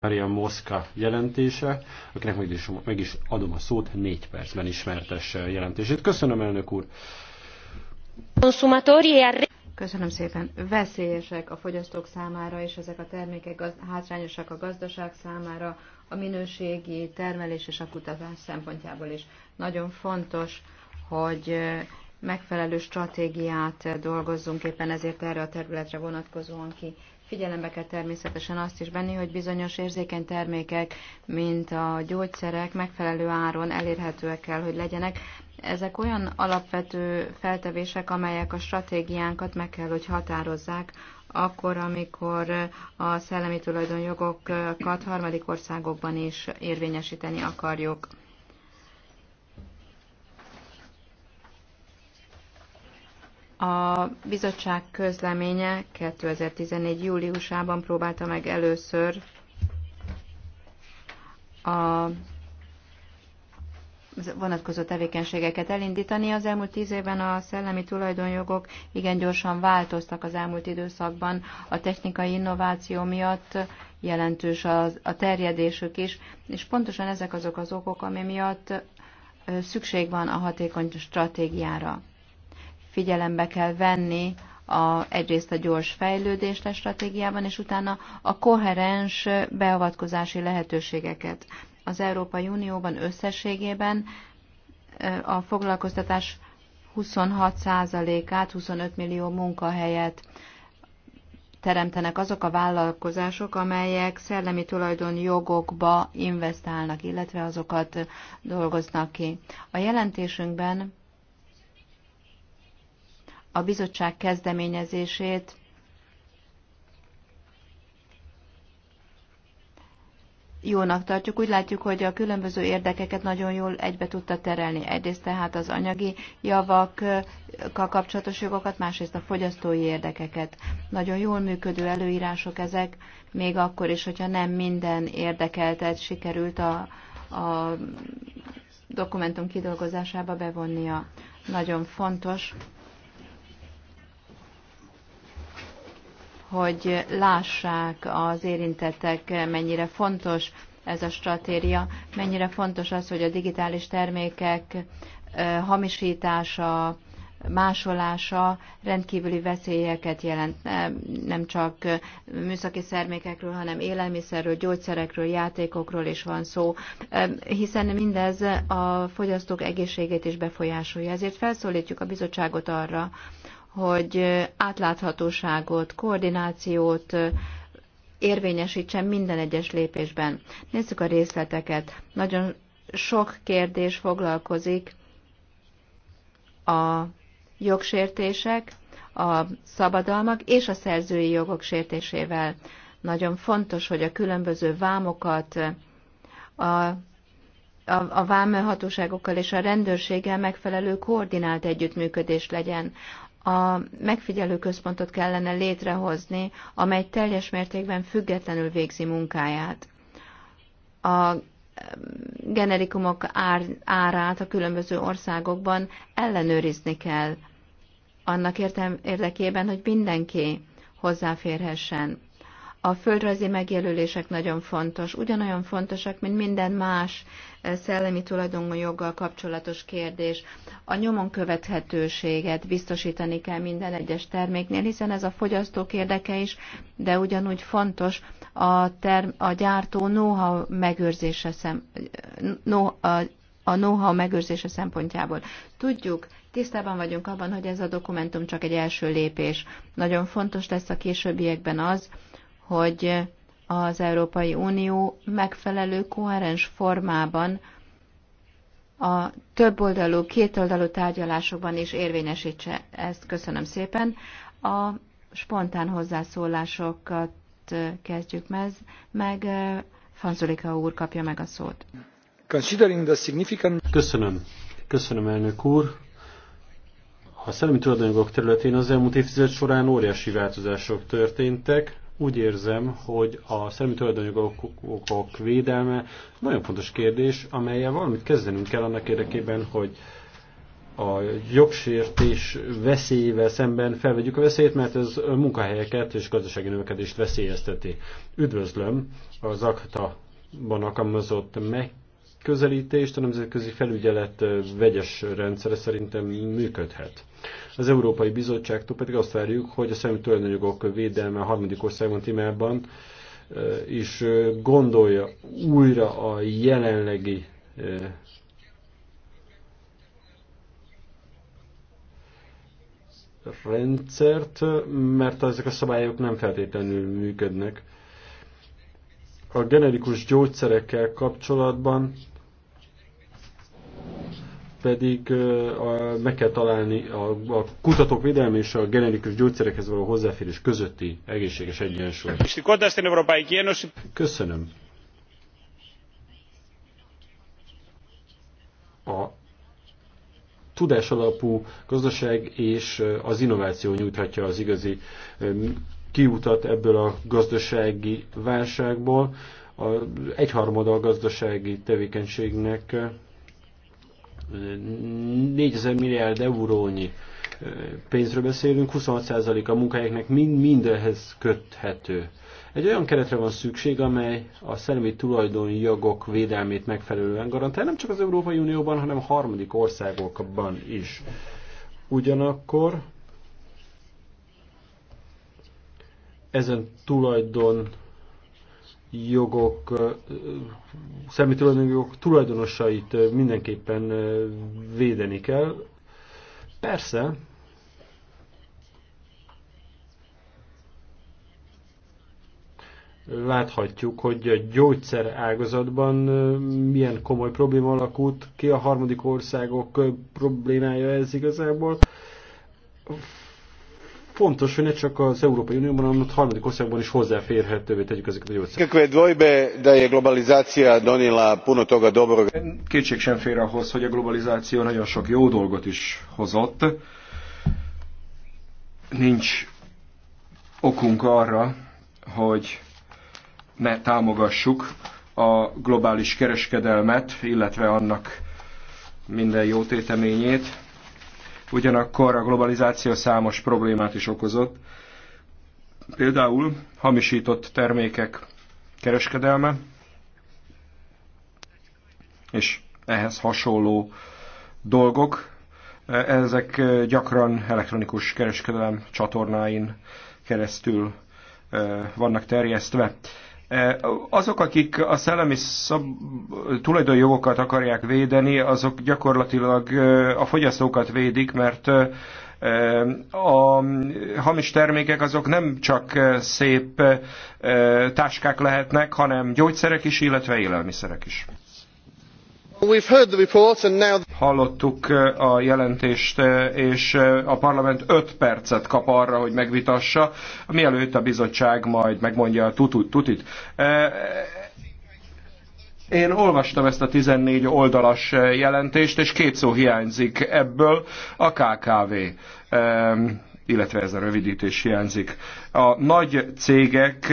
Maria Moszka jelentése, akinek meg is, meg is adom a szót négy percben ismertes jelentését. Köszönöm, elnök úr! E Köszönöm szépen. Veszélyesek a fogyasztók számára, és ezek a termékek hátrányosak a gazdaság számára, a minőségi termelés és a kutatás szempontjából is. Nagyon fontos, hogy megfelelő stratégiát dolgozzunk éppen ezért erre a területre vonatkozóan ki. Figyelembe kell természetesen azt is benni, hogy bizonyos érzékeny termékek, mint a gyógyszerek megfelelő áron elérhetőek kell, hogy legyenek. Ezek olyan alapvető feltevések, amelyek a stratégiánkat meg kell, hogy határozzák, akkor, amikor a szellemi tulajdonjogokat harmadik országokban is érvényesíteni akarjuk. A bizottság közleménye 2014. júliusában próbálta meg először a vonatkozó tevékenységeket elindítani. Az elmúlt tíz évben a szellemi tulajdonjogok igen gyorsan változtak az elmúlt időszakban. A technikai innováció miatt jelentős a terjedésük is, és pontosan ezek azok az okok, ami miatt szükség van a hatékony stratégiára figyelembe kell venni a, egyrészt a gyors fejlődést a stratégiában, és utána a koherens beavatkozási lehetőségeket. Az Európai Unióban összességében a foglalkoztatás 26%-át, 25 millió munkahelyet teremtenek azok a vállalkozások, amelyek szellemi tulajdon jogokba investálnak, illetve azokat dolgoznak ki. A jelentésünkben a bizottság kezdeményezését jónak tartjuk. Úgy látjuk, hogy a különböző érdekeket nagyon jól egybe tudta terelni. Egyrészt tehát az anyagi javakkal kapcsolatos jogokat, másrészt a fogyasztói érdekeket. Nagyon jól működő előírások ezek, még akkor is, hogyha nem minden érdekeltet sikerült a, a dokumentum kidolgozásába bevonnia. Nagyon fontos, hogy lássák az érintettek, mennyire fontos ez a stratégia, mennyire fontos az, hogy a digitális termékek hamisítása, másolása rendkívüli veszélyeket jelent, nem csak műszaki szermékekről, hanem élelmiszerről, gyógyszerekről, játékokról is van szó, hiszen mindez a fogyasztók egészségét is befolyásolja. Ezért felszólítjuk a bizottságot arra, hogy átláthatóságot, koordinációt érvényesítsen minden egyes lépésben. Nézzük a részleteket. Nagyon sok kérdés foglalkozik a jogsértések, a szabadalmak és a szerzői jogok sértésével. Nagyon fontos, hogy a különböző vámokat a, a, a vámhatóságokkal és a rendőrséggel megfelelő koordinált együttműködés legyen a megfigyelő központot kellene létrehozni, amely teljes mértékben függetlenül végzi munkáját. A generikumok ár, árát a különböző országokban ellenőrizni kell, annak értem, érdekében, hogy mindenki hozzáférhessen a földrajzi megjelölések nagyon fontos, ugyanolyan fontosak, mint minden más eh, szellemi tulajdonjoggal kapcsolatos kérdés. A nyomon követhetőséget biztosítani kell minden egyes terméknél, hiszen ez a fogyasztók érdeke is, de ugyanúgy fontos a, term- a gyártó know-how megőrzése szem- know- eh, a, a know-how megőrzése szempontjából. Tudjuk, tisztában vagyunk abban, hogy ez a dokumentum csak egy első lépés. Nagyon fontos lesz a későbbiekben az, hogy az Európai Unió megfelelő koherens formában a többoldalú, kétoldalú tárgyalásokban is érvényesítse ezt. Köszönöm szépen. A spontán hozzászólásokat kezdjük mez, meg Fanzulika úr kapja meg a szót. Considering the significant... Köszönöm. Köszönöm, elnök úr. A szellemi tulajdonjogok területén az elmúlt évtized során óriási változások történtek, úgy érzem, hogy a szellemi tulajdonjogok védelme nagyon fontos kérdés, amelyel valamit kezdenünk kell annak érdekében, hogy a jogsértés veszélyével szemben felvegyük a veszélyt, mert ez munkahelyeket és gazdasági növekedést veszélyezteti. Üdvözlöm az akta ban alkalmazott meg megközelítést a nemzetközi felügyelet vegyes rendszere szerintem működhet. Az Európai Bizottságtól pedig azt várjuk, hogy a személyi tulajdonjogok védelme a harmadik országban témában is gondolja újra a jelenlegi rendszert, mert ezek a szabályok nem feltétlenül működnek a generikus gyógyszerekkel kapcsolatban pedig a, meg kell találni a, a kutatók védelme és a generikus gyógyszerekhez való hozzáférés közötti egészséges egyensúlyt. Köszönöm. A tudásalapú gazdaság és az innováció nyújthatja az igazi kiutat ebből a gazdasági válságból. A egyharmada a gazdasági tevékenységnek 4000 eh, milliárd eurónyi eh, pénzről beszélünk, 26% a munkájáknak mind, mindenhez köthető. Egy olyan keretre van szükség, amely a szellemi tulajdonjogok védelmét megfelelően garantál, nem csak az Európai Unióban, hanem a harmadik országokban is. Ugyanakkor ezen tulajdon jogok, tulajdon tulajdonjogok tulajdonosait mindenképpen védeni kell. Persze, láthatjuk, hogy a gyógyszer ágazatban milyen komoly probléma alakult ki, a harmadik országok problémája ez igazából fontos, hogy ne csak az Európai Unióban, hanem a harmadik országban is hozzáférhetővé tegyük ezeket a gyógyszereket. Kakve dvojbe, de a globalizáció donila puno toga Kétség sem fér ahhoz, hogy a globalizáció nagyon sok jó dolgot is hozott. Nincs okunk arra, hogy ne támogassuk a globális kereskedelmet, illetve annak minden jó téteményét ugyanakkor a globalizáció számos problémát is okozott. Például hamisított termékek kereskedelme, és ehhez hasonló dolgok. Ezek gyakran elektronikus kereskedelem csatornáin keresztül eh, vannak terjesztve. Azok, akik a szellemi szab... tulajdonjogokat akarják védeni, azok gyakorlatilag a fogyasztókat védik, mert a hamis termékek azok nem csak szép táskák lehetnek, hanem gyógyszerek is, illetve élelmiszerek is. Hallottuk eh, a jelentést, eh, és eh, a parlament öt percet kap arra, hogy megvitassa, mielőtt a bizottság majd megmondja a tutut, tutit. Én olvastam ezt a 14 oldalas jelentést, és két szó hiányzik ebből, a KKV illetve ez a rövidítés hiányzik. A nagy cégek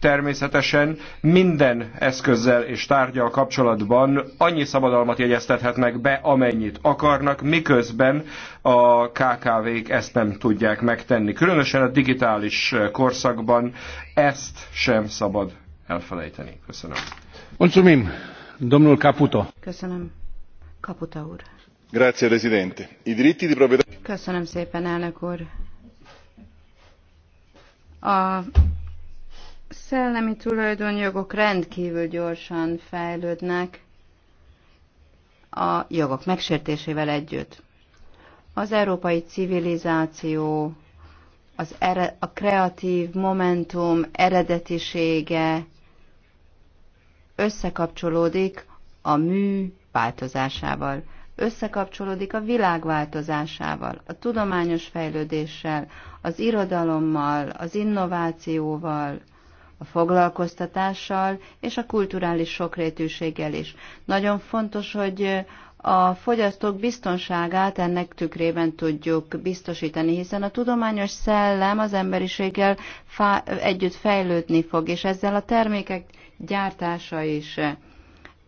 természetesen minden eszközzel és tárgyal kapcsolatban annyi szabadalmat jegyeztethetnek be, amennyit akarnak, miközben a KKV-k ezt nem tudják megtenni. Különösen a digitális korszakban ezt sem szabad elfelejteni. Köszönöm. Consumim. Domnul Caputo. Köszönöm. Caputo úr. Grazie, Presidente. I diritti di proprietà... Köszönöm szépen, elnök úr. A szellemi tulajdonjogok rendkívül gyorsan fejlődnek a jogok megsértésével együtt. Az európai civilizáció, az ere, a kreatív momentum eredetisége összekapcsolódik a mű változásával, összekapcsolódik a világ változásával, a tudományos fejlődéssel, az irodalommal, az innovációval, a foglalkoztatással és a kulturális sokrétűséggel is. Nagyon fontos, hogy a fogyasztók biztonságát ennek tükrében tudjuk biztosítani, hiszen a tudományos szellem az emberiséggel együtt fejlődni fog, és ezzel a termékek gyártása is,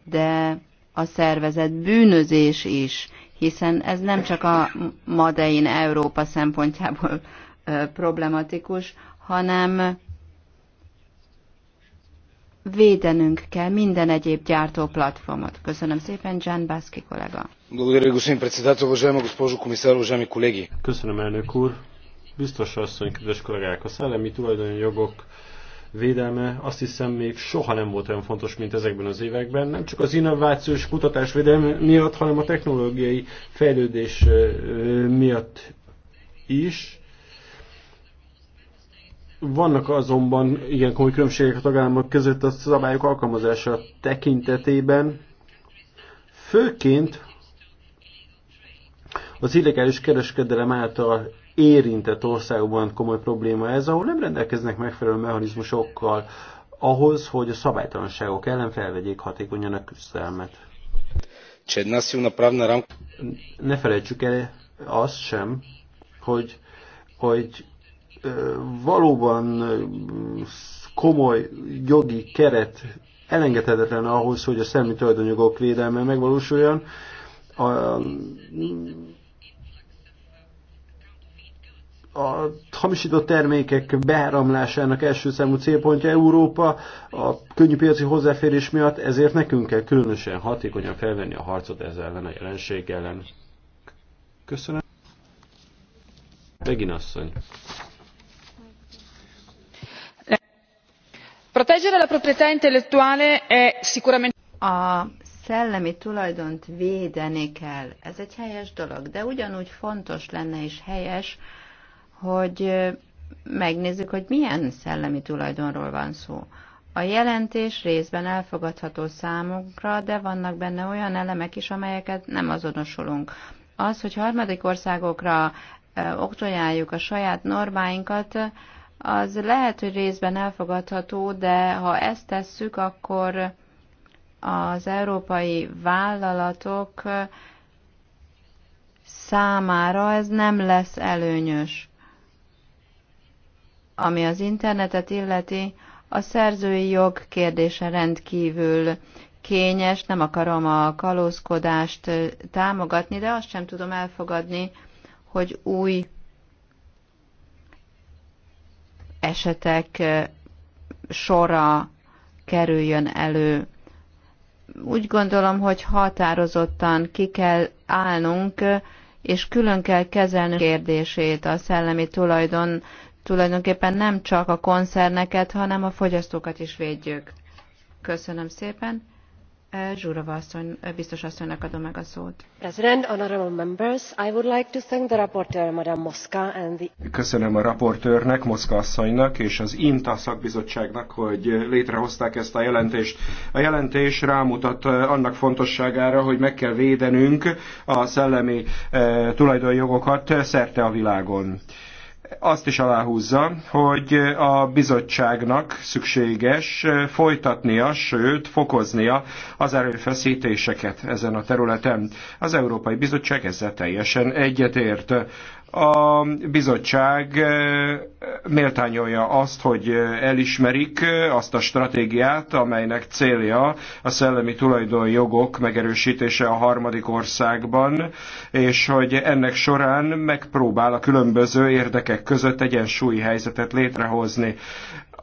de a szervezet bűnözés is, hiszen ez nem csak a Madein Európa szempontjából problematikus, hanem védenünk kell minden egyéb gyártó platformot. Köszönöm szépen, Jan Baszki kollega. Köszönöm, elnök úr. Biztos asszony, kedves kollégák, a szellemi tulajdonjogok védelme azt hiszem még soha nem volt olyan fontos, mint ezekben az években. Nem csak az innovációs kutatás védelme miatt, hanem a technológiai fejlődés miatt is. Vannak azonban igen komoly különbségek a tagállamok között a szabályok alkalmazása tekintetében, főként az illegális kereskedelem által érintett országokban komoly probléma ez, ahol nem rendelkeznek megfelelő mechanizmusokkal ahhoz, hogy a szabálytalanságok ellen felvegyék hatékonyan a küzdelmet. Ne felejtsük el azt sem, hogy, hogy valóban komoly jogi keret elengedhetetlen ahhoz, hogy a szellemi tulajdonjogok védelme megvalósuljon. A, a hamisított termékek beáramlásának első számú célpontja Európa, a könnyű piaci hozzáférés miatt, ezért nekünk kell különösen hatékonyan felvenni a harcot ezzel ellen a jelenség ellen. Köszönöm. Regina asszony. a szellemi tulajdont védeni kell. Ez egy helyes dolog, de ugyanúgy fontos lenne és helyes, hogy megnézzük, hogy milyen szellemi tulajdonról van szó. A jelentés részben elfogadható számunkra, de vannak benne olyan elemek is, amelyeket nem azonosulunk. Az, hogy harmadik országokra oktrojáljuk a saját normáinkat, az lehet, hogy részben elfogadható, de ha ezt tesszük, akkor az európai vállalatok számára ez nem lesz előnyös. Ami az internetet illeti, a szerzői jog kérdése rendkívül kényes, nem akarom a kalózkodást támogatni, de azt sem tudom elfogadni, hogy új esetek sora kerüljön elő. Úgy gondolom, hogy határozottan ki kell állnunk, és külön kell kezelnünk kérdését a szellemi tulajdon tulajdonképpen nem csak a koncerneket, hanem a fogyasztókat is védjük. Köszönöm szépen. Zsurova asszony, biztos asszonynak adom meg a szót. Köszönöm a raportőrnek, Moszka asszonynak és az INTA szakbizottságnak, hogy létrehozták ezt a jelentést. A jelentés rámutat eh, annak fontosságára, hogy meg kell védenünk a szellemi eh, tulajdonjogokat szerte a világon azt is aláhúzza, hogy a bizottságnak szükséges folytatnia, sőt fokoznia az erőfeszítéseket ezen a területen. Az Európai Bizottság ezzel teljesen egyetért a bizottság eh, méltányolja azt, hogy eh, elismerik eh, azt a stratégiát, amelynek célja a szellemi tulajdonjogok megerősítése a harmadik országban, és hogy ennek során megpróbál a különböző érdekek között egyensúlyi helyzetet létrehozni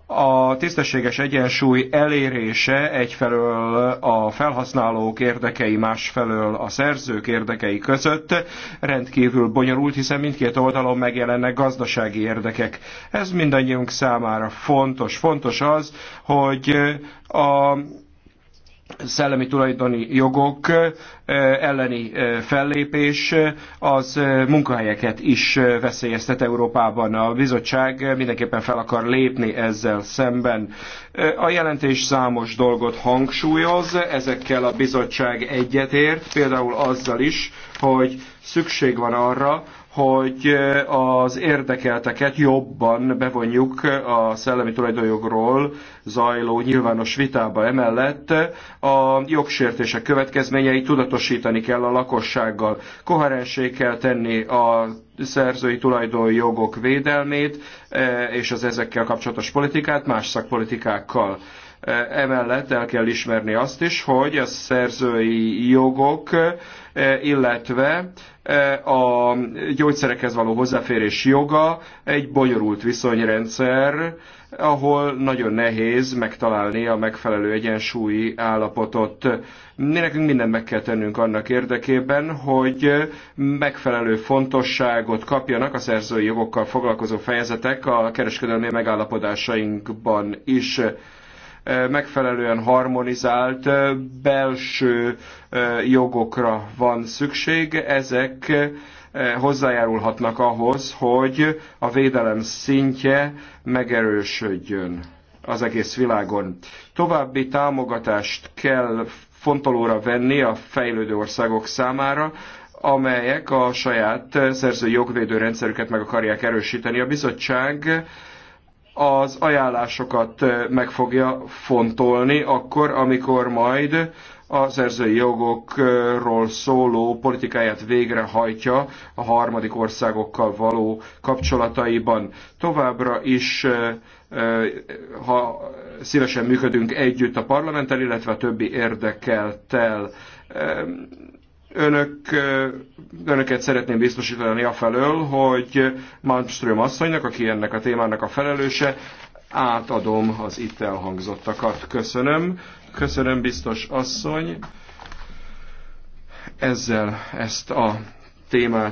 a tisztességes egyensúly elérése egyfelől a felhasználók érdekei, másfelől a szerzők érdekei között rendkívül bonyolult, hiszen mindkét oldalon megjelennek gazdasági érdekek. Ez mindannyiunk számára fontos. Fontos az, hogy a szellemi tulajdoni jogok elleni fellépés az munkahelyeket is veszélyeztet Európában. A bizottság mindenképpen fel akar lépni ezzel szemben. A jelentés számos dolgot hangsúlyoz, ezekkel a bizottság egyetért, például azzal is, hogy szükség van arra, hogy az érdekelteket jobban bevonjuk a szellemi tulajdonjogról zajló nyilvános vitába. Emellett a jogsértések következményei tudatosítani kell a lakossággal. Koherensé kell tenni a szerzői tulajdonjogok védelmét és az ezekkel kapcsolatos politikát más szakpolitikákkal. Eh, emellett el kell ismerni azt is, hogy a szerzői jogok, eh, illetve eh, a gyógyszerekhez való hozzáférés joga egy bonyolult viszonyrendszer, ahol nagyon nehéz megtalálni a megfelelő egyensúlyi állapotot. Mi nekünk mindent meg kell tennünk annak érdekében, hogy megfelelő fontosságot kapjanak a szerzői jogokkal foglalkozó fejezetek a kereskedelmi megállapodásainkban is. Eh, megfelelően harmonizált eh, belső eh, jogokra van szükség. Ezek hozzájárulhatnak ahhoz, hogy a védelem szintje megerősödjön az egész világon. További támogatást kell fontolóra venni a fejlődő országok számára, amelyek a saját szerző jogvédő rendszerüket meg akarják erősíteni. A bizottság az ajánlásokat meg fogja fontolni akkor, amikor majd a szerzői jogokról szóló politikáját végrehajtja a harmadik országokkal való kapcsolataiban. Továbbra is, ha szívesen működünk együtt a parlamenttel, illetve a többi érdekeltel. Önök, önöket szeretném biztosítani afelől, hogy Malmström asszonynak, aki ennek a témának a felelőse, átadom az itt elhangzottakat. Köszönöm. Köszönöm, biztos asszony. Ezzel ezt a témát